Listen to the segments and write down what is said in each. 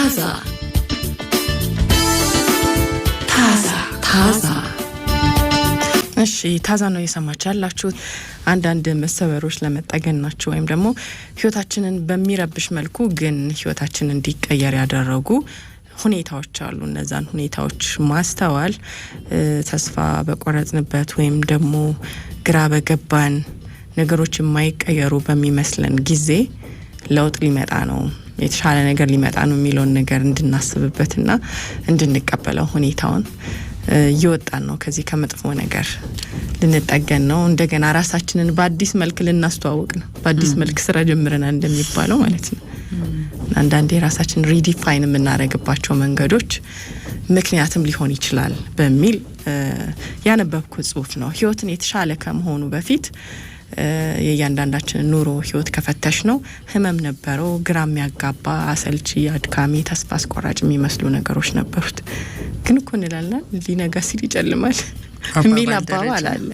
타사 타사 ታዛ እሺ ታዛ ነው እየሰማችሁ ያላችሁት። አንዳንድ መሰበሮች ለመጠገን ናቸው ወይም ደግሞ ህይወታችንን በሚረብሽ መልኩ ግን ህይወታችንን እንዲቀየር ያደረጉ ሁኔታዎች አሉ። እነዛን ሁኔታዎች ማስተዋል ተስፋ በቆረጥንበት ወይም ደግሞ ግራ በገባን ነገሮች የማይቀየሩ በሚመስለን ጊዜ ለውጥ ሊመጣ ነው የተሻለ ነገር ሊመጣ ነው የሚለውን ነገር እንድናስብበትና እንድንቀበለው ሁኔታውን እየወጣን ነው። ከዚህ ከመጥፎ ነገር ልንጠገን ነው። እንደገና ራሳችንን በአዲስ መልክ ልናስተዋውቅ ነው። በአዲስ መልክ ስራ ጀምረናል እንደሚባለው ማለት ነው። አንዳንዴ የራሳችን ሪዲፋይን የምናደርግባቸው መንገዶች ምክንያትም ሊሆን ይችላል በሚል ያነበብኩት ጽሁፍ ነው። ህይወትን የተሻለ ከመሆኑ በፊት የእያንዳንዳችን ኑሮ ህይወት ከፈተሽ ነው ህመም ነበረው። ግራ የሚያጋባ አሰልቺ፣ አድካሚ፣ ተስፋ አስቆራጭ የሚመስሉ ነገሮች ነበሩት። ግን እኮ እንላለን ሊነጋ ሲል ይጨልማል የሚል አባባል አለ።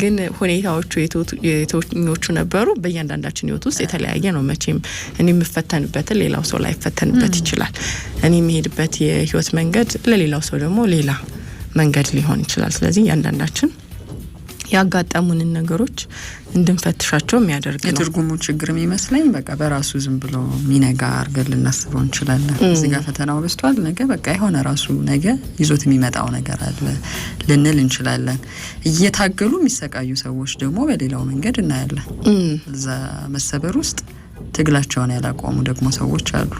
ግን ሁኔታዎቹ የተኞቹ ነበሩ? በእያንዳንዳችን ህይወት ውስጥ የተለያየ ነው መቼም። እኔ የምፈተንበትን ሌላው ሰው ላይፈተንበት ይችላል። እኔ የሚሄድበት የህይወት መንገድ ለሌላው ሰው ደግሞ ሌላ መንገድ ሊሆን ይችላል። ስለዚህ እያንዳንዳችን ያጋጠሙንን ነገሮች እንድንፈትሻቸው የሚያደርግ ነው። የትርጉሙ ችግር የሚመስለኝ በቃ በራሱ ዝም ብሎ ሚነጋ አርገን ልናስበው እንችላለን። እዚህ ጋር ፈተናው በስቷል ነገ በቃ የሆነ ራሱ ነገ ይዞት የሚመጣው ነገር አለ ልንል እንችላለን። እየታገሉ የሚሰቃዩ ሰዎች ደግሞ በሌላው መንገድ እናያለን። እዛ መሰበር ውስጥ ትግላቸውን ያላቆሙ ደግሞ ሰዎች አሉ።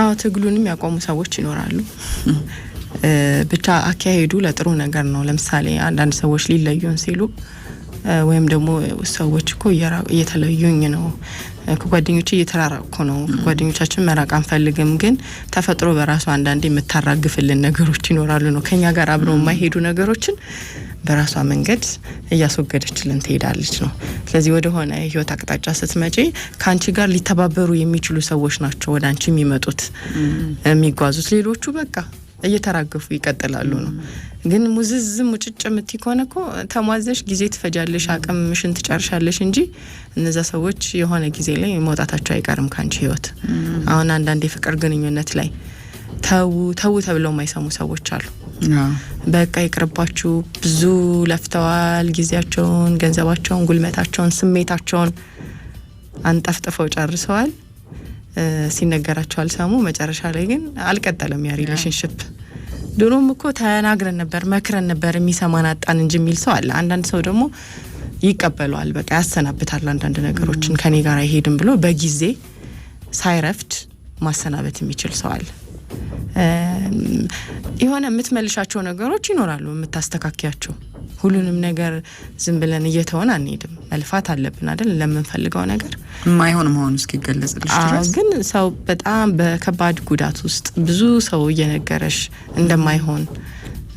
አዎ ትግሉንም ያቆሙ ሰዎች ይኖራሉ። ብቻ አካሄዱ ለጥሩ ነገር ነው። ለምሳሌ አንዳንድ ሰዎች ሊለዩን ሲሉ ወይም ደግሞ ሰዎች እኮ እየተለዩኝ ነው፣ ከጓደኞች እየተራራቅኩ ነው፣ ከጓደኞቻችን መራቅ አንፈልግም፣ ግን ተፈጥሮ በራሱ አንዳንዴ የምታራግፍልን ነገሮች ይኖራሉ ነው ከኛ ጋር አብረው የማይሄዱ ነገሮችን በራሷ መንገድ እያስወገደችልን ትሄዳለች ነው። ስለዚህ ወደሆነ የህይወት አቅጣጫ ስትመጪ ከአንቺ ጋር ሊተባበሩ የሚችሉ ሰዎች ናቸው ወደ አንቺ የሚመጡት የሚጓዙት። ሌሎቹ በቃ እየተራገፉ ይቀጥላሉ ነው። ግን ሙዝዝ ሙጭጭ የምት ከሆነ ኮ ተሟዘሽ ጊዜ ትፈጃለሽ፣ ምሽን ትጨርሻለሽ እንጂ እነዛ ሰዎች የሆነ ጊዜ ላይ መውጣታቸው አይቀርም ከአንቺ ህይወት። አሁን አንዳንድ የፍቅር ግንኙነት ላይ ተዉ ተዉ ተብለው የማይሰሙ ሰዎች አሉ። በቃ ይቅርባችሁ፣ ብዙ ለፍተዋል፣ ጊዜያቸውን፣ ገንዘባቸውን፣ ጉልበታቸውን፣ ስሜታቸውን አንጠፍጥፈው ጨርሰዋል። ሲነገራቸው አልሰሙ። መጨረሻ ላይ ግን አልቀጠለም ያ ሪሌሽንሽፕ። ድሮም እኮ ተናግረን ነበር መክረን ነበር የሚሰማን አጣን እንጂ የሚል ሰው አለ። አንዳንድ ሰው ደግሞ ይቀበለዋል፣ በቃ ያሰናብታል። አንዳንድ ነገሮችን ከኔ ጋር አይሄድም ብሎ በጊዜ ሳይረፍድ ማሰናበት የሚችል ሰው አለ። የሆነ የምትመልሻቸው ነገሮች ይኖራሉ፣ የምታስተካክያቸው። ሁሉንም ነገር ዝም ብለን እየተሆን አንሄድም። መልፋት አለብን አይደል? ለምንፈልገው ነገር የማይሆን መሆኑ እስኪገለጽ ድረስ። ግን ሰው በጣም በከባድ ጉዳት ውስጥ ብዙ ሰው እየነገረሽ እንደማይሆን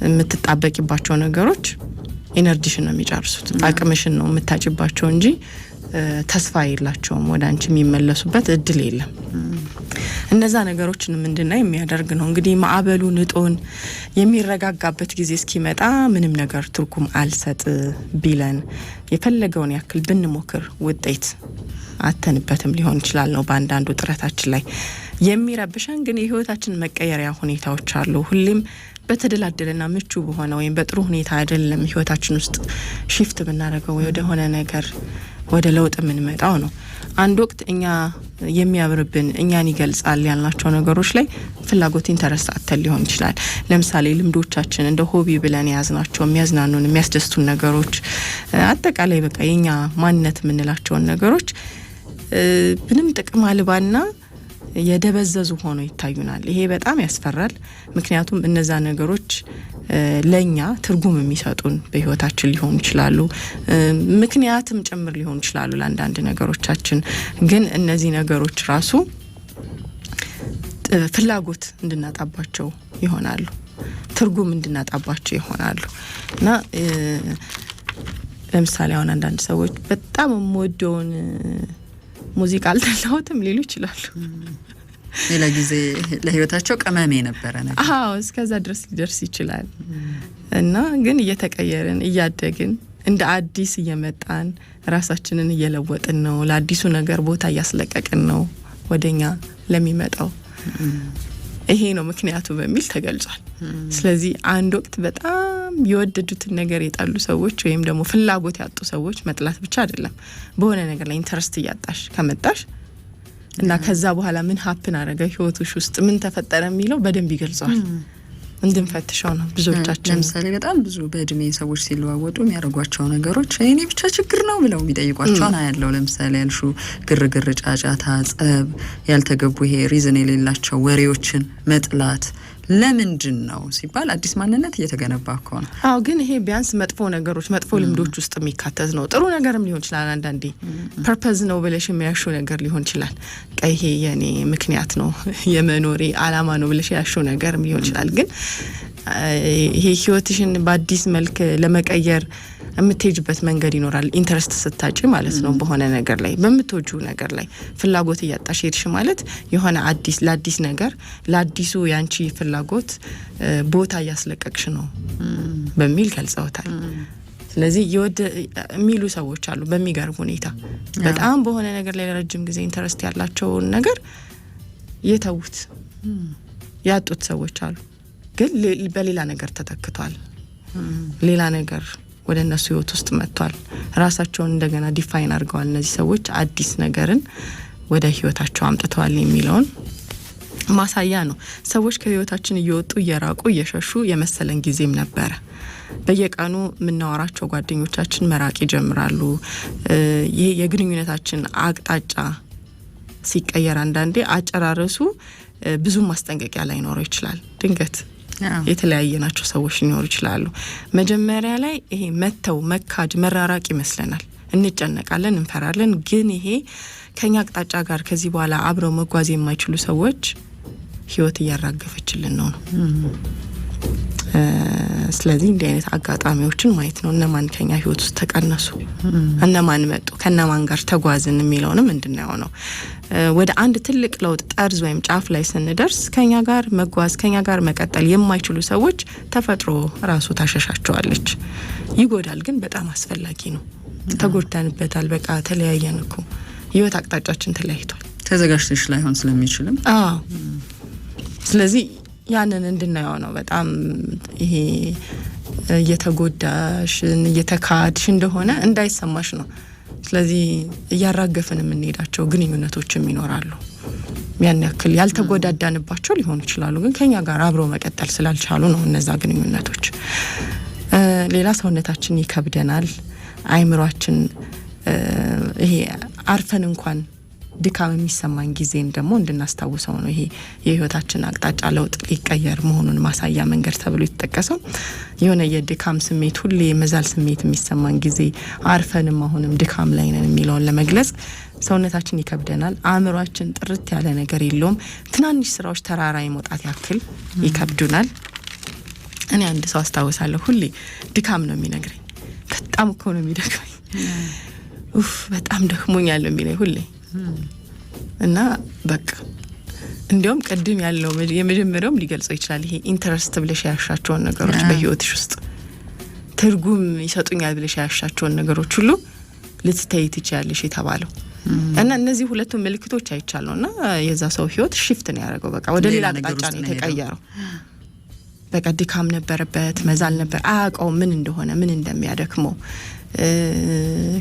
የምትጣበቂባቸው ነገሮች ኢነርጂሽን ነው የሚጨርሱት። አቅምሽን ነው የምታጭባቸው እንጂ ተስፋ የላቸውም። ወደ አንቺ የሚመለሱበት እድል የለም። እነዛ ነገሮችን ምንድና የሚያደርግ ነው። እንግዲህ ማዕበሉ ንጦን የሚረጋጋበት ጊዜ እስኪመጣ ምንም ነገር ትርጉም አልሰጥ ቢለን የፈለገውን ያክል ብንሞክር ውጤት አተንበትም ሊሆን ይችላል ነው በአንዳንዱ ጥረታችን ላይ የሚረብሸን ግን የህይወታችን መቀየሪያ ሁኔታዎች አሉ። ሁሌም በተደላደለና ምቹ በሆነ ወይም በጥሩ ሁኔታ አይደለም ህይወታችን ውስጥ ሽፍት የምናደርገው ወይ ወደሆነ ነገር ወደ ለውጥ የምንመጣው ነው። አንድ ወቅት እኛ የሚያምርብን እኛን ይገልጻል ያልናቸው ነገሮች ላይ ፍላጎት ኢንተረስት አተን ሊሆን ይችላል። ለምሳሌ ልምዶቻችን፣ እንደ ሆቢ ብለን የያዝናቸው የሚያዝናኑን፣ የሚያስደስቱን ነገሮች አጠቃላይ በቃ የኛ ማንነት የምንላቸውን ነገሮች ምንም ጥቅም አልባና የደበዘዙ ሆኖ ይታዩናል። ይሄ በጣም ያስፈራል። ምክንያቱም እነዛ ነገሮች ለኛ ትርጉም የሚሰጡን በህይወታችን ሊሆኑ ይችላሉ፣ ምክንያትም ጭምር ሊሆኑ ይችላሉ ለአንዳንድ ነገሮቻችን። ግን እነዚህ ነገሮች ራሱ ፍላጎት እንድናጣባቸው ይሆናሉ፣ ትርጉም እንድናጣባቸው ይሆናሉ እና ለምሳሌ አሁን አንዳንድ ሰዎች በጣም የምወደውን ሙዚቃ አልጠላሁትም ሊሉ ይችላሉ። ሌላ ጊዜ ለህይወታቸው ቅመሜ የነበረ ነገር አዎ፣ እስከዛ ድረስ ሊደርስ ይችላል። እና ግን እየተቀየርን እያደግን እንደ አዲስ እየመጣን ራሳችንን እየለወጥን ነው። ለአዲሱ ነገር ቦታ እያስለቀቅን ነው ወደኛ ለሚመጣው ይሄ ነው ምክንያቱ በሚል ተገልጿል። ስለዚህ አንድ ወቅት በጣም የወደዱትን ነገር የጣሉ ሰዎች ወይም ደግሞ ፍላጎት ያጡ ሰዎች መጥላት ብቻ አይደለም። በሆነ ነገር ላይ ኢንተረስት እያጣሽ ከመጣሽ እና ከዛ በኋላ ምን ሀፕን አረገ ህይወቶች ውስጥ ምን ተፈጠረ የሚለው በደንብ ይገልጸዋል። እንድንፈትሸው ነው። ብዙዎቻችን ለምሳሌ በጣም ብዙ በእድሜ ሰዎች ሲለዋወጡ የሚያደርጓቸው ነገሮች እኔ ብቻ ችግር ነው ብለው የሚጠይቋቸውን አያለው። ለምሳሌ ያልሹ ግርግር፣ ጫጫታ፣ ጸብ፣ ያልተገቡ ይሄ ሪዝን የሌላቸው ወሬዎችን መጥላት ለምንድን ነው ሲባል አዲስ ማንነት እየተገነባ እኮ ነው። አዎ፣ ግን ይሄ ቢያንስ መጥፎ ነገሮች መጥፎ ልምዶች ውስጥ የሚካተት ነው። ጥሩ ነገርም ሊሆን ይችላል። አንዳንዴ ፐርፐዝ ነው ብለሽ የሚያሹ ነገር ሊሆን ይችላል። ቀይ ይሄ የኔ ምክንያት ነው የመኖሬ አላማ ነው ብለሽ ያሹ ነገርም ሊሆን ይችላል። ግን ይሄ ህይወትሽን በአዲስ መልክ ለመቀየር የምትሄጅበት መንገድ ይኖራል። ኢንተረስት ስታጭ ማለት ነው በሆነ ነገር ላይ በምትወጁ ነገር ላይ ፍላጎት እያጣሽ ሄድሽ ማለት የሆነ አዲስ ለአዲስ ነገር ለአዲሱ ያንቺ ፍላ ፍላጎት ቦታ እያስለቀቅሽ ነው በሚል ገልጸውታል። ስለዚህ የወደ የሚሉ ሰዎች አሉ። በሚገርም ሁኔታ በጣም በሆነ ነገር ላይ ለረጅም ጊዜ ኢንተረስት ያላቸውን ነገር የተዉት ያጡት ሰዎች አሉ። ግን በሌላ ነገር ተተክቷል። ሌላ ነገር ወደ እነሱ ህይወት ውስጥ መጥቷል። ራሳቸውን እንደገና ዲፋይን አድርገዋል። እነዚህ ሰዎች አዲስ ነገርን ወደ ህይወታቸው አምጥተዋል የሚለውን ማሳያ ነው። ሰዎች ከህይወታችን እየወጡ እየራቁ እየሸሹ የመሰለን ጊዜም ነበረ። በየቀኑ የምናወራቸው ጓደኞቻችን መራቅ ይጀምራሉ። ይሄ የግንኙነታችን አቅጣጫ ሲቀየር አንዳንዴ አጨራረሱ ብዙ ማስጠንቀቂያ ላይኖረው ይችላል። ድንገት የተለያየ ናቸው ሰዎች ሊኖሩ ይችላሉ። መጀመሪያ ላይ ይሄ መተው መካድ መራራቅ ይመስለናል። እንጨነቃለን፣ እንፈራለን። ግን ይሄ ከኛ አቅጣጫ ጋር ከዚህ በኋላ አብረው መጓዝ የማይችሉ ሰዎች ህይወት እያራገፈችልን ነው ነው ስለዚህ እንዲህ አይነት አጋጣሚዎችን ማየት ነው። እነማን ከኛ ህይወት ውስጥ ተቀነሱ፣ እነማን መጡ፣ ከእነማን ጋር ተጓዝን የሚለውንም እንድናየው ነው። ወደ አንድ ትልቅ ለውጥ ጠርዝ ወይም ጫፍ ላይ ስንደርስ ከኛ ጋር መጓዝ ከኛ ጋር መቀጠል የማይችሉ ሰዎች ተፈጥሮ ራሱ ታሸሻቸዋለች። ይጎዳል፣ ግን በጣም አስፈላጊ ነው። ተጎድተንበታል። በቃ ተለያየን እኮ ህይወት አቅጣጫችን ተለያይቷል። ተዘጋጅተሽ ላይሆን ስለሚችልም አዎ ስለዚህ ያንን እንድናየው ነው። በጣም ይሄ እየተጎዳሽን እየተካድሽ እንደሆነ እንዳይሰማሽ ነው። ስለዚህ እያራገፍን የምንሄዳቸው ግንኙነቶችም ይኖራሉ። ያን ያክል ያልተጎዳዳንባቸው ሊሆኑ ይችላሉ፣ ግን ከኛ ጋር አብሮ መቀጠል ስላልቻሉ ነው እነዛ ግንኙነቶች። ሌላ ሰውነታችን ይከብደናል። አይምሯችን ይሄ አርፈን እንኳን ድካም የሚሰማን ጊዜን ደግሞ እንድናስታውሰው ነው። ይሄ የህይወታችን አቅጣጫ ለውጥ ሊቀየር መሆኑን ማሳያ መንገድ ተብሎ የተጠቀሰው የሆነ የድካም ስሜት ሁሌ የመዛል ስሜት የሚሰማን ጊዜ አርፈንም አሁንም ድካም ላይ ነን የሚለውን ለመግለጽ ሰውነታችን ይከብደናል። አእምሯችን ጥርት ያለ ነገር የለውም። ትናንሽ ስራዎች ተራራ የመውጣት ያክል ይከብዱናል። እኔ አንድ ሰው አስታውሳለሁ፣ ሁሌ ድካም ነው የሚነግረኝ። በጣም እኮ ነው የሚደክመኝ፣ ኡፍ በጣም ደክሞኛል ነው የሚለኝ ሁሌ እና በቃ እንዲሁም ቅድም ያለው የመጀመሪያውም ሊገልጸው ይችላል። ይሄ ኢንተረስት ብለሽ ያሻቸውን ነገሮች በህይወትሽ ውስጥ ትርጉም ይሰጡኛል ብለሽ ያሻቸውን ነገሮች ሁሉ ልትተይ ትችያለሽ የተባለው እና እነዚህ ሁለቱ ምልክቶች አይቻለሁ እና የዛ ሰው ህይወት ሽፍት ነው ያደረገው። በቃ ወደ ሌላ አቅጣጫ ነው የተቀየረው። በቃ ድካም ነበረበት፣ መዛል ነበር። አያውቀው ምን እንደሆነ ምን እንደሚያደክመው።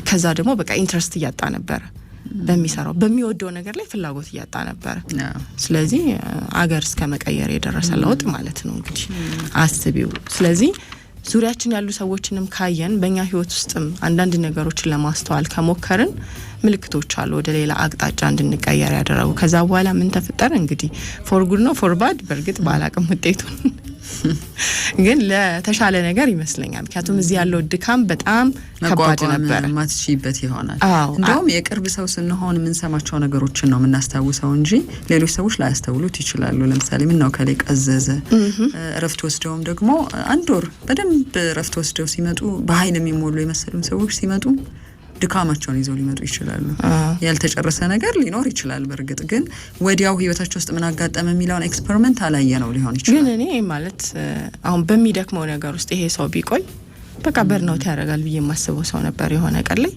ከዛ ደግሞ በቃ ኢንትረስት እያጣ ነበረ በሚሰራው በሚወደው ነገር ላይ ፍላጎት እያጣ ነበረ። ስለዚህ አገር እስከ መቀየር የደረሰ ለውጥ ማለት ነው እንግዲህ አስቢው። ስለዚህ ዙሪያችን ያሉ ሰዎችንም ካየን በእኛ ህይወት ውስጥም አንዳንድ ነገሮችን ለማስተዋል ከሞከርን ምልክቶች አሉ ወደ ሌላ አቅጣጫ እንድንቀየር ያደረጉ። ከዛ በኋላ ምን ተፈጠረ እንግዲህ ፎር ጉድ ነው ፎር ባድ በእርግጥ ባላቅም ውጤቱን ግን ለተሻለ ነገር ይመስለኛል። ምክንያቱም እዚህ ያለው ድካም በጣም ከባድ ነበር። ማትችይበት ይሆናል። እንደውም የቅርብ ሰው ስንሆን የምንሰማቸው ነገሮችን ነው የምናስታውሰው እንጂ ሌሎች ሰዎች ላያስተውሉት ይችላሉ። ለምሳሌ ነው ከላይ ቀዘዘ። እረፍት ወስደውም ደግሞ አንድ ወር በደንብ እረፍት ወስደው ሲመጡ በሀይል የሚሞሉ የመሰሉም ሰዎች ሲመጡ ድካማቸውን ይዘው ሊመጡ ይችላሉ። ያልተጨረሰ ነገር ሊኖር ይችላል። በእርግጥ ግን ወዲያው ህይወታቸው ውስጥ ምን አጋጠመ የሚለውን ኤክስፐሪመንት አላየ ነው ሊሆን ይችላል። ግን እኔ ማለት አሁን በሚደክመው ነገር ውስጥ ይሄ ሰው ቢቆይ በቃ በርናውት ያደርጋል ብዬ የማስበው ሰው ነበር። የሆነ ቀን ላይ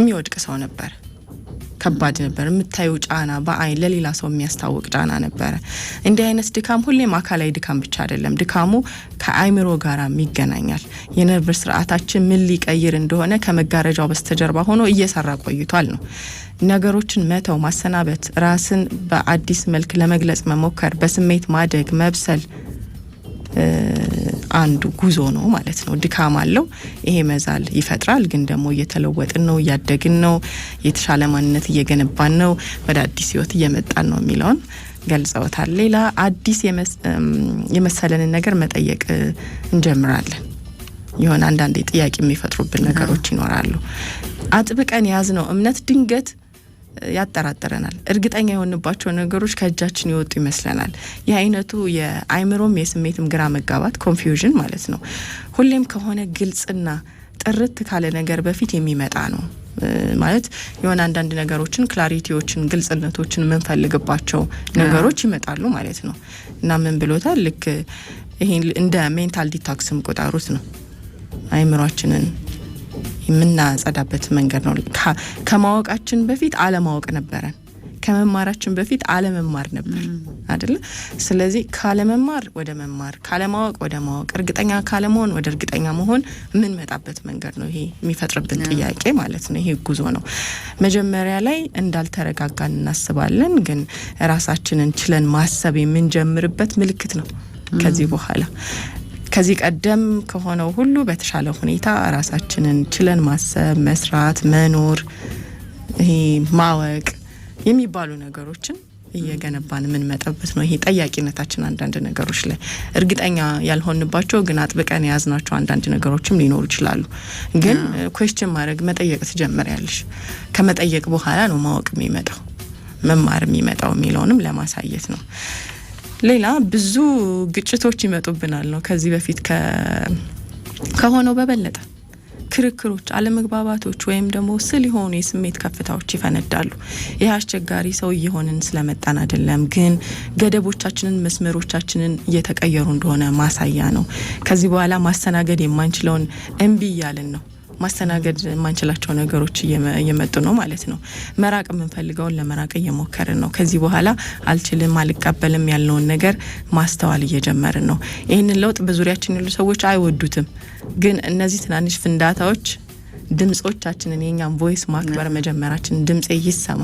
የሚወድቅ ሰው ነበር። ከባድ ነበር። የምታየው ጫና በአይን ለሌላ ሰው የሚያስታውቅ ጫና ነበረ። እንዲህ አይነት ድካም ሁሌም አካላዊ ድካም ብቻ አይደለም። ድካሙ ከአይምሮ ጋራም ይገናኛል። የነርቭ ስርዓታችን ምን ሊቀይር እንደሆነ ከመጋረጃው በስተጀርባ ሆኖ እየሰራ ቆይቷል ነው ነገሮችን መተው፣ ማሰናበት፣ ራስን በአዲስ መልክ ለመግለጽ መሞከር፣ በስሜት ማደግ፣ መብሰል አንዱ ጉዞ ነው ማለት ነው። ድካም አለው፣ ይሄ መዛል ይፈጥራል። ግን ደግሞ እየተለወጥን ነው፣ እያደግን ነው፣ የተሻለ ማንነት እየገነባን ነው፣ ወደ አዲስ ህይወት እየመጣን ነው የሚለውን ገልጸውታል። ሌላ አዲስ የመሰለንን ነገር መጠየቅ እንጀምራለን። የሆነ አንዳንዴ ጥያቄ የሚፈጥሩብን ነገሮች ይኖራሉ። አጥብቀን የያዝነው እምነት ድንገት ያጠራጥረናል። እርግጠኛ የሆንባቸው ነገሮች ከእጃችን የወጡ ይመስለናል። ይህ አይነቱ የአይምሮም የስሜትም ግራ መጋባት ኮንፊውዥን ማለት ነው ሁሌም ከሆነ ግልጽና ጥርት ካለ ነገር በፊት የሚመጣ ነው ማለት የሆነ አንዳንድ ነገሮችን ክላሪቲዎችን፣ ግልጽነቶችን የምንፈልግባቸው ነገሮች ይመጣሉ ማለት ነው እና ምን ብሎታል? ልክ ይሄ እንደ ሜንታል ዲታክስም ቆጠሩት ነው አይምሯችንን የምናጸዳበት መንገድ ነው። ከማወቃችን በፊት አለማወቅ ነበረን። ከመማራችን በፊት አለመማር ነበር አይደለ? ስለዚህ ካለመማር ወደ መማር፣ ካለማወቅ ወደ ማወቅ፣ እርግጠኛ ካለመሆን ወደ እርግጠኛ መሆን የምንመጣበት መንገድ ነው። ይሄ የሚፈጥርብን ጥያቄ ማለት ነው። ይሄ ጉዞ ነው። መጀመሪያ ላይ እንዳልተረጋጋን እናስባለን፣ ግን ራሳችንን ችለን ማሰብ የምንጀምርበት ምልክት ነው ከዚህ በኋላ ከዚህ ቀደም ከሆነው ሁሉ በተሻለ ሁኔታ ራሳችንን ችለን ማሰብ፣ መስራት፣ መኖር፣ ማወቅ የሚባሉ ነገሮችን እየገነባን የምንመጣበት ነው። ይሄ ጠያቂነታችን አንዳንድ ነገሮች ላይ እርግጠኛ ያልሆንባቸው ግን አጥብቀን የያዝናቸው አንዳንድ ነገሮችም ሊኖሩ ይችላሉ። ግን ኮስችን ማድረግ መጠየቅ ትጀምሪያለሽ። ከመጠየቅ በኋላ ነው ማወቅ የሚመጣው መማር የሚመጣው የሚለውንም ለማሳየት ነው። ሌላ ብዙ ግጭቶች ይመጡብናል ነው ከዚህ በፊት ከሆነው በበለጠ ክርክሮች፣ አለመግባባቶች ወይም ደግሞ ስል የሆኑ የስሜት ከፍታዎች ይፈነዳሉ። ይህ አስቸጋሪ ሰው እየሆንን ስለመጣን አይደለም፣ ግን ገደቦቻችንን፣ መስመሮቻችንን እየተቀየሩ እንደሆነ ማሳያ ነው። ከዚህ በኋላ ማስተናገድ የማንችለውን እምቢ እያልን ነው። ማስተናገድ የማንችላቸው ነገሮች እየመጡ ነው ማለት ነው። መራቅ የምንፈልገውን ለመራቅ እየሞከርን ነው። ከዚህ በኋላ አልችልም፣ አልቀበልም ያልነውን ነገር ማስተዋል እየጀመርን ነው። ይህንን ለውጥ በዙሪያችን ያሉ ሰዎች አይወዱትም፣ ግን እነዚህ ትናንሽ ፍንዳታዎች ድምጾቻችንን የኛም ቮይስ ማክበር መጀመራችን ድምጼ ይሰማ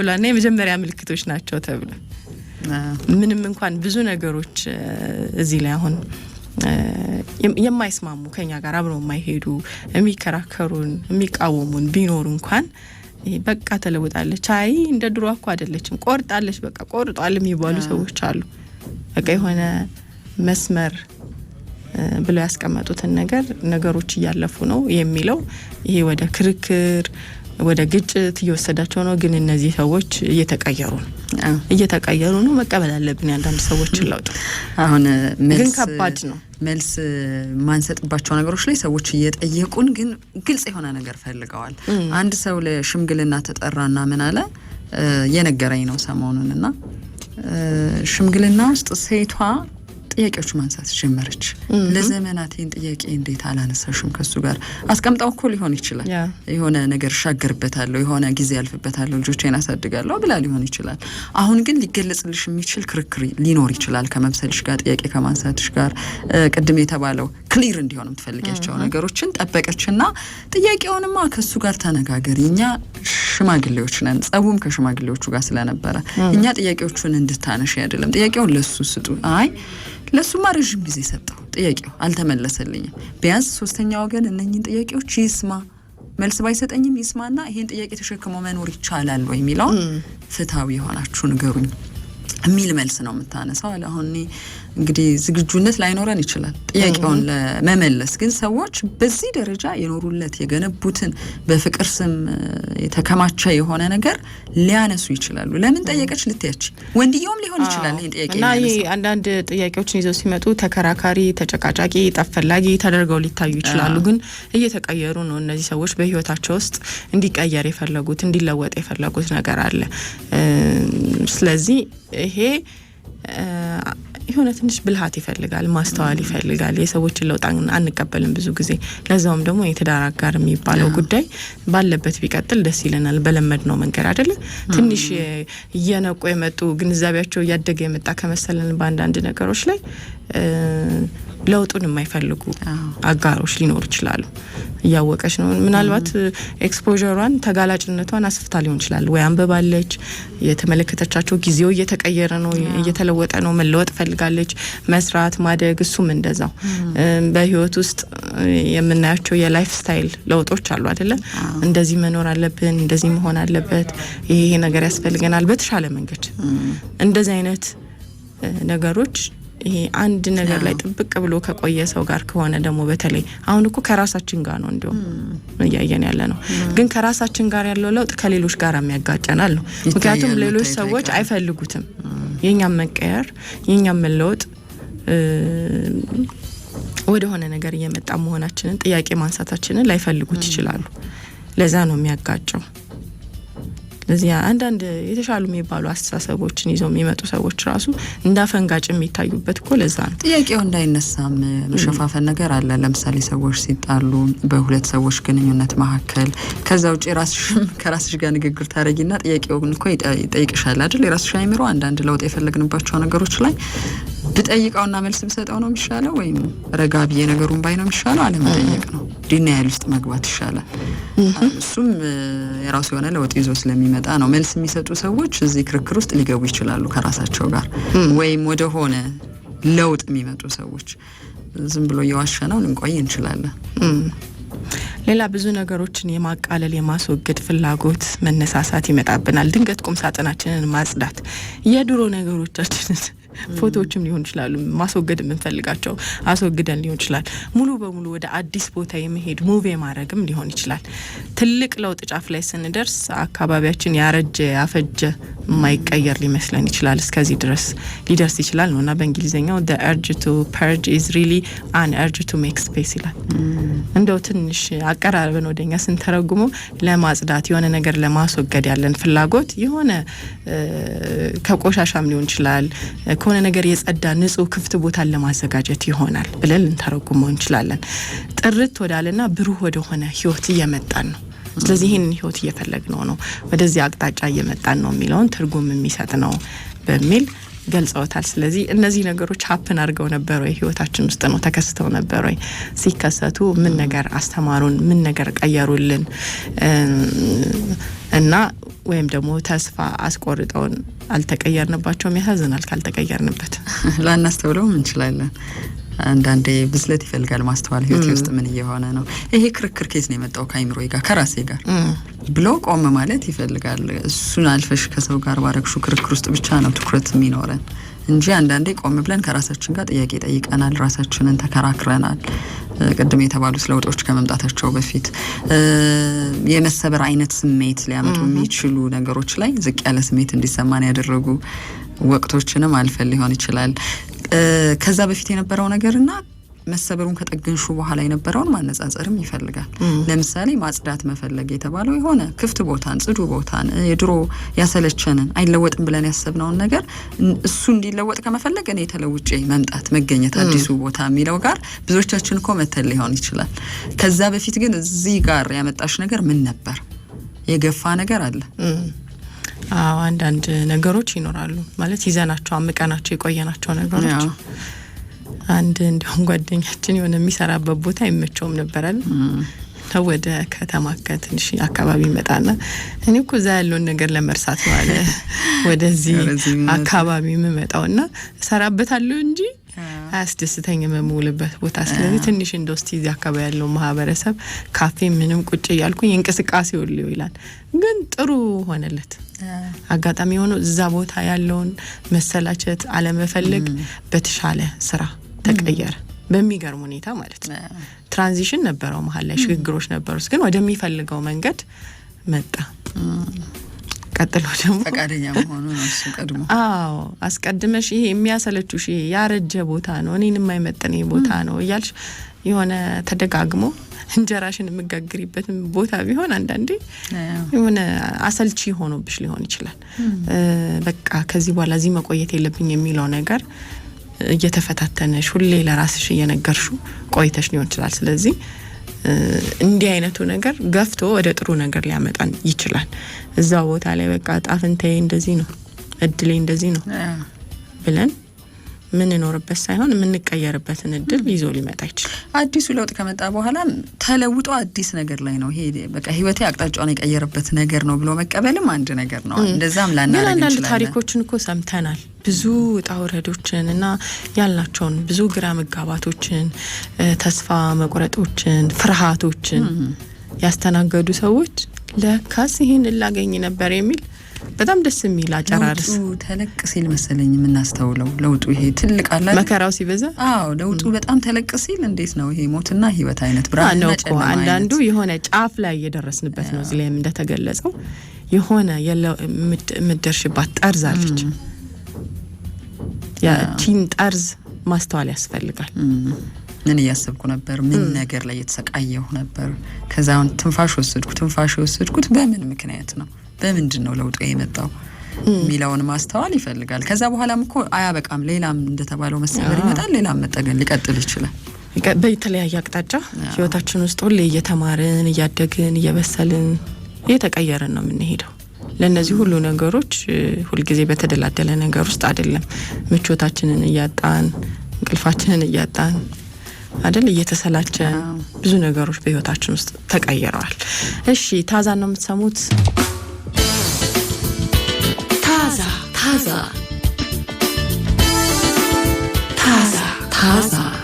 እና የመጀመሪያ ምልክቶች ናቸው ተብሏል። ምንም እንኳን ብዙ ነገሮች እዚህ ላይ አሁን የማይስማሙ ከኛ ጋር አብረው የማይሄዱ የሚከራከሩን የሚቃወሙን ቢኖሩ እንኳን በቃ ተለውጣለች፣ አይ እንደ ድሮ እኮ አይደለችም፣ ቆርጣለች፣ በቃ ቆርጧል የሚባሉ ሰዎች አሉ። በቃ የሆነ መስመር ብለው ያስቀመጡትን ነገር ነገሮች እያለፉ ነው የሚለው ይሄ ወደ ክርክር ወደ ግጭት እየወሰዳቸው ነው። ግን እነዚህ ሰዎች እየተቀየሩ ነው እየተቀየሩ ነው። መቀበል አለብን የአንዳንድ ሰዎች ለውጥ። አሁን ግን ከባድ ነው። መልስ የማንሰጥባቸው ነገሮች ላይ ሰዎች እየጠየቁን ግን ግልጽ የሆነ ነገር ፈልገዋል። አንድ ሰው ለሽምግልና ተጠራና ምን አለ የነገረኝ ነው ሰሞኑን እና ሽምግልና ውስጥ ሴቷ ጥያቄዎች ማንሳት ጀመረች። ለዘመናት ይህን ጥያቄ እንዴት አላነሳሽም? ከሱ ጋር አስቀምጣው እኮ ሊሆን ይችላል። የሆነ ነገር እሻገርበታለሁ፣ የሆነ ጊዜ ያልፍበታለሁ፣ ልጆቼን አሳድጋለሁ ብላ ሊሆን ይችላል። አሁን ግን ሊገለጽልሽ የሚችል ክርክር ሊኖር ይችላል ከመብሰልሽ ጋር፣ ጥያቄ ከማንሳትሽ ጋር ቅድም የተባለው ክሊር እንዲሆን የምትፈልጊያቸው ነገሮችን ጠበቀችና ጥያቄውንማ ከእሱ ጋር ተነጋገሪ፣ እኛ ሽማግሌዎች ነን። ጸቡም ከሽማግሌዎቹ ጋር ስለነበረ እኛ ጥያቄዎቹን እንድታነሽ አይደለም፣ ጥያቄውን ለሱ ስጡ። አይ ለሱማ ረዥም ጊዜ ሰጠው፣ ጥያቄው አልተመለሰልኝም። ቢያንስ ሶስተኛ ወገን እነኝን ጥያቄዎች ይስማ መልስ ባይሰጠኝም ይስማና ይሄን ጥያቄ ተሸክሞ መኖር ይቻላል ወይ የሚለውን ፍትሐዊ የሆናችሁ ንገሩኝ የሚል መልስ ነው የምታነሳው አሁን እኔ እንግዲህ ዝግጁነት ላይኖረን ይችላል ጥያቄውን ለመመለስ። ግን ሰዎች በዚህ ደረጃ የኖሩለት የገነቡትን በፍቅር ስም የተከማቸ የሆነ ነገር ሊያነሱ ይችላሉ። ለምን ጠየቀች ልትያች ወንድየውም ሊሆን ይችላል ይህን ጥያቄ እና ይህ አንዳንድ ጥያቄዎችን ይዘው ሲመጡ ተከራካሪ፣ ተጨቃጫቂ፣ ጠፈላጊ ተደርገው ሊታዩ ይችላሉ። ግን እየተቀየሩ ነው። እነዚህ ሰዎች በህይወታቸው ውስጥ እንዲቀየር የፈለጉት እንዲለወጥ የፈለጉት ነገር አለ። ስለዚህ ይሄ የሆነ ትንሽ ብልሃት ይፈልጋል፣ ማስተዋል ይፈልጋል። የሰዎችን ለውጥ አንቀበልም ብዙ ጊዜ። ለዛውም ደግሞ የትዳር አጋር የሚባለው ጉዳይ ባለበት ቢቀጥል ደስ ይለናል። በለመድ ነው መንገድ አይደለ? ትንሽ እየነቁ የመጡ ግንዛቤያቸው እያደገ የመጣ ከመሰለን በአንዳንድ ነገሮች ላይ ለውጡን የማይፈልጉ አጋሮች ሊኖሩ ይችላሉ። እያወቀች ነው። ምናልባት ኤክስፖሯን ተጋላጭነቷን አስፍታ ሊሆን ይችላል። ወይ አንብባለች፣ የተመለከተቻቸው ጊዜው እየተቀየረ ነው፣ እየተለወጠ ነው፣ መለወጥ ፈልጋለች፣ መስራት፣ ማደግ። እሱም እንደዛው በህይወት ውስጥ የምናያቸው የላይፍ ስታይል ለውጦች አሉ አይደለ? እንደዚህ መኖር አለብን፣ እንደዚህ መሆን አለበት፣ ይሄ ነገር ያስፈልገናል፣ በተሻለ መንገድ እንደዚህ አይነት ነገሮች ይሄ አንድ ነገር ላይ ጥብቅ ብሎ ከቆየ ሰው ጋር ከሆነ ደግሞ በተለይ አሁን እኮ ከራሳችን ጋር ነው እንዲሁም እያየን ያለ ነው። ግን ከራሳችን ጋር ያለው ለውጥ ከሌሎች ጋር የሚያጋጨናል ነው። ምክንያቱም ሌሎች ሰዎች አይፈልጉትም የኛም መቀየር የኛም መለወጥ ወደሆነ ነገር እየመጣ መሆናችንን ጥያቄ ማንሳታችንን ላይፈልጉት ይችላሉ። ለዛ ነው የሚያጋጨው። ስለዚህ አንዳንድ የተሻሉ የሚባሉ አስተሳሰቦችን ይዘው የሚመጡ ሰዎች ራሱ እንዳፈንጋጭ የሚታዩበት እኮ ለዛ ነው። ጥያቄው እንዳይነሳም መሸፋፈን ነገር አለ። ለምሳሌ ሰዎች ሲጣሉ በሁለት ሰዎች ግንኙነት መካከል ከዛ ውጭ ራስሽም ከራስሽ ጋር ንግግር ታደረጊና ጥያቄውን እኮ ይጠይቅሻል አይደል? የራስሽ አይምሮ አንዳንድ ለውጥ የፈለግንባቸው ነገሮች ላይ ብጠይቀውና መልስ ብሰጠው ነው የሚሻለው ወይም ረጋ ብዬ ነገሩን ባይ ነው የሚሻለው? አለመጠየቅ ነው ዲናያል ውስጥ መግባት ይሻላል። እሱም የራሱ የሆነ ለውጥ ይዞ ስለሚመጣ ነው። መልስ የሚሰጡ ሰዎች እዚህ ክርክር ውስጥ ሊገቡ ይችላሉ ከራሳቸው ጋር ወይም ወደሆነ ለውጥ የሚመጡ ሰዎች ዝም ብሎ እየዋሸ ነው ልንቆይ እንችላለን። ሌላ ብዙ ነገሮችን የማቃለል የማስወገድ ፍላጎት መነሳሳት ይመጣብናል። ድንገት ቁም ሳጥናችንን ማጽዳት የድሮ ነገሮቻችንን ፎቶዎችም ሊሆን ይችላሉ፣ ማስወገድ የምንፈልጋቸው አስወግደን ሊሆን ይችላል። ሙሉ በሙሉ ወደ አዲስ ቦታ የመሄድ ሙቭ የማድረግም ሊሆን ይችላል። ትልቅ ለውጥ ጫፍ ላይ ስንደርስ አካባቢያችን ያረጀ ያፈጀ የማይቀየር ሊመስለን ይችላል። እስከዚህ ድረስ ሊደርስ ይችላል ነው እና በእንግሊዝኛው እርጅ ቱ ፐርጅ ኢዝ ሪሊ አን እርጅ ቱ ሜክ ስፔስ ይላል። እንደው ትንሽ አቀራረብን ወደኛ ስንተረጉሞ ለማጽዳት የሆነ ነገር ለማስወገድ ያለን ፍላጎት የሆነ ከቆሻሻም ሊሆን ይችላል ከሆነ ነገር የጸዳ ንጹህ ክፍት ቦታን ለማዘጋጀት ይሆናል ብለን ልንተረጉመው እንችላለን። ጥርት ወዳለና ብሩህ ወደሆነ ህይወት እየመጣን ነው። ስለዚህ ይህንን ህይወት እየፈለግነው ነው፣ ወደዚህ አቅጣጫ እየመጣን ነው የሚለውን ትርጉም የሚሰጥ ነው በሚል ገልጸውታል። ስለዚህ እነዚህ ነገሮች ሀፕን አድርገው ነበር ወይ ህይወታችን ውስጥ ነው ተከስተው ነበር ወይ? ሲከሰቱ ምን ነገር አስተማሩን? ምን ነገር ቀየሩልን? እና ወይም ደግሞ ተስፋ አስቆርጠውን አልተቀየርንባቸውም። ያሳዝናል ካልተቀየርንበት ላናስተውለውም እንችላለን። አንዳንዴ ብስለት ይፈልጋል ማስተዋል ህይወቴ ውስጥ ምን እየሆነ ነው፣ ይሄ ክርክር ኬዝ ነው የመጣው ከአይምሮ ጋር ከራሴ ጋር ብሎ ቆም ማለት ይፈልጋል። እሱን አልፈሽ ከሰው ጋር ባረግሹ ክርክር ውስጥ ብቻ ነው ትኩረት የሚኖረን እንጂ አንዳንዴ ቆም ብለን ከራሳችን ጋር ጥያቄ ጠይቀናል፣ ራሳችንን ተከራክረናል። ቅድም የተባሉት ለውጦች ከመምጣታቸው በፊት የመሰበር አይነት ስሜት ሊያመጡ የሚችሉ ነገሮች ላይ ዝቅ ያለ ስሜት እንዲሰማን ያደረጉ ወቅቶችንም አልፈን ሊሆን ይችላል። ከዛ በፊት የነበረው ነገርና መሰበሩን ከጠገንሹ በኋላ የነበረውን ማነጻጸርም ይፈልጋል። ለምሳሌ ማጽዳት መፈለግ የተባለው የሆነ ክፍት ቦታን፣ ጽዱ ቦታን፣ የድሮ ያሰለቸንን አይለወጥም ብለን ያሰብነውን ነገር እሱ እንዲለወጥ ከመፈለግ እኔ ተለውጬ መምጣት መገኘት አዲሱ ቦታ የሚለው ጋር ብዙዎቻችን እኮ መተል ሊሆን ይችላል። ከዛ በፊት ግን እዚህ ጋር ያመጣሽ ነገር ምን ነበር? የገፋ ነገር አለ አዎ አንዳንድ ነገሮች ይኖራሉ ማለት ይዘናቸው አምቀናቸው የቆየናቸው ነገሮች። አንድ እንዲሁም ጓደኛችን የሆነ የሚሰራበት ቦታ አይመቸውም ነበራል ወደ ከተማ ከትንሽ አካባቢ ይመጣና እኔ እኮ እዛ ያለውን ነገር ለመርሳት ማለ ወደዚህ አካባቢ የምመጣው እና እሰራበታለሁ እንጂ አያስደስተኝ የምውልበት ቦታ። ስለዚህ ትንሽ እንደ ውስጥ እዚህ አካባቢ ያለው ማህበረሰብ ካፌ ምንም ቁጭ እያልኩኝ እንቅስቃሴ ወልዮ ይላል። ግን ጥሩ ሆነለት አጋጣሚ ሆኖ እዛ ቦታ ያለውን መሰላቸት አለመፈለግ በተሻለ ስራ ተቀየረ። በሚገርም ሁኔታ ማለት ነው። ትራንዚሽን ነበረው መሀል ላይ ሽግግሮች ነበሩት፣ ግን ወደሚፈልገው መንገድ መጣ። ቀጥሎ ደግሞ ፈቃደኛ መሆኑ ነው። እሱ ቀድሞ አዎ፣ አስቀድመሽ ይሄ የሚያሰለችሽ ያረጀ ቦታ ነው፣ እኔን የማይመጥን ቦታ ነው እያልሽ የሆነ ተደጋግሞ እንጀራሽን የምጋግሪበት ቦታ ቢሆን አንዳንዴ የሆነ አሰልቺ ሆኖብሽ ሊሆን ይችላል። በቃ ከዚህ በኋላ እዚህ መቆየት የለብኝ የሚለው ነገር እየተፈታተነሽ ሁሌ ለራስሽ እየነገርሹ ቆይተሽ ሊሆን ይችላል። ስለዚህ እንዲህ አይነቱ ነገር ገፍቶ ወደ ጥሩ ነገር ሊያመጣን ይችላል። እዛው ቦታ ላይ በቃ ጣፍንታዬ እንደዚህ ነው፣ እድሌ እንደዚህ ነው ብለን የምንኖርበት ሳይሆን የምንቀየርበትን እድል ይዞ ሊመጣ ይችላል። አዲሱ ለውጥ ከመጣ በኋላ ተለውጦ አዲስ ነገር ላይ ነው ይሄ በቃ ህይወቴ አቅጣጫውን የቀየረበት ነገር ነው ብሎ መቀበልም አንድ ነገር ነው። እንደዛም ላናረግ አንዳንድ ታሪኮችን እኮ ሰምተናል ብዙ ውጣ ውረዶችን እና ያላቸውን ብዙ ግራ መጋባቶችን፣ ተስፋ መቁረጦችን፣ ፍርሃቶችን ያስተናገዱ ሰዎች ለካስ ይህን ላገኝ ነበር የሚል በጣም ደስ የሚል አጨራርስ ተለቅ ሲል መሰለኝ የምናስተውለው ለውጡ። ይሄ ትልቅ አላ መከራው ሲበዛ፣ አዎ ለውጡ በጣም ተለቅ ሲል እንዴት ነው ይሄ ሞትና ህይወት አይነት ብርሃን አንዳንዱ የሆነ ጫፍ ላይ እየደረስንበት ነው። እዚህ ላይም እንደተገለጸው የሆነ የምትደርሽባት ጠርዝ አለች። ያቺን ጠርዝ ማስተዋል ያስፈልጋል። ምን እያሰብኩ ነበር? ምን ነገር ላይ የተሰቃየሁ ነበር? ከዛውን ትንፋሽ ወሰድኩ። ትንፋሽ የወሰድኩት በምን ምክንያት ነው? በምንድን ነው ለውጥ የመጣው የሚለውን ማስተዋል ይፈልጋል። ከዛ በኋላም እኮ አያበቃም። ሌላም እንደተባለው መሰበር ይመጣል። ሌላም መጠገን ሊቀጥል ይችላል። በተለያየ አቅጣጫ ህይወታችን ውስጥ ሁሌ እየተማርን እያደግን እየበሰልን እየተቀየርን ነው የምንሄደው። ለእነዚህ ሁሉ ነገሮች ሁልጊዜ በተደላደለ ነገር ውስጥ አይደለም። ምቾታችንን እያጣን እንቅልፋችንን እያጣን አይደል እየተሰላቸን ብዙ ነገሮች በህይወታችን ውስጥ ተቀይረዋል። እሺ ታዛን ነው የምትሰሙት። 他咋？他咋？他咋？他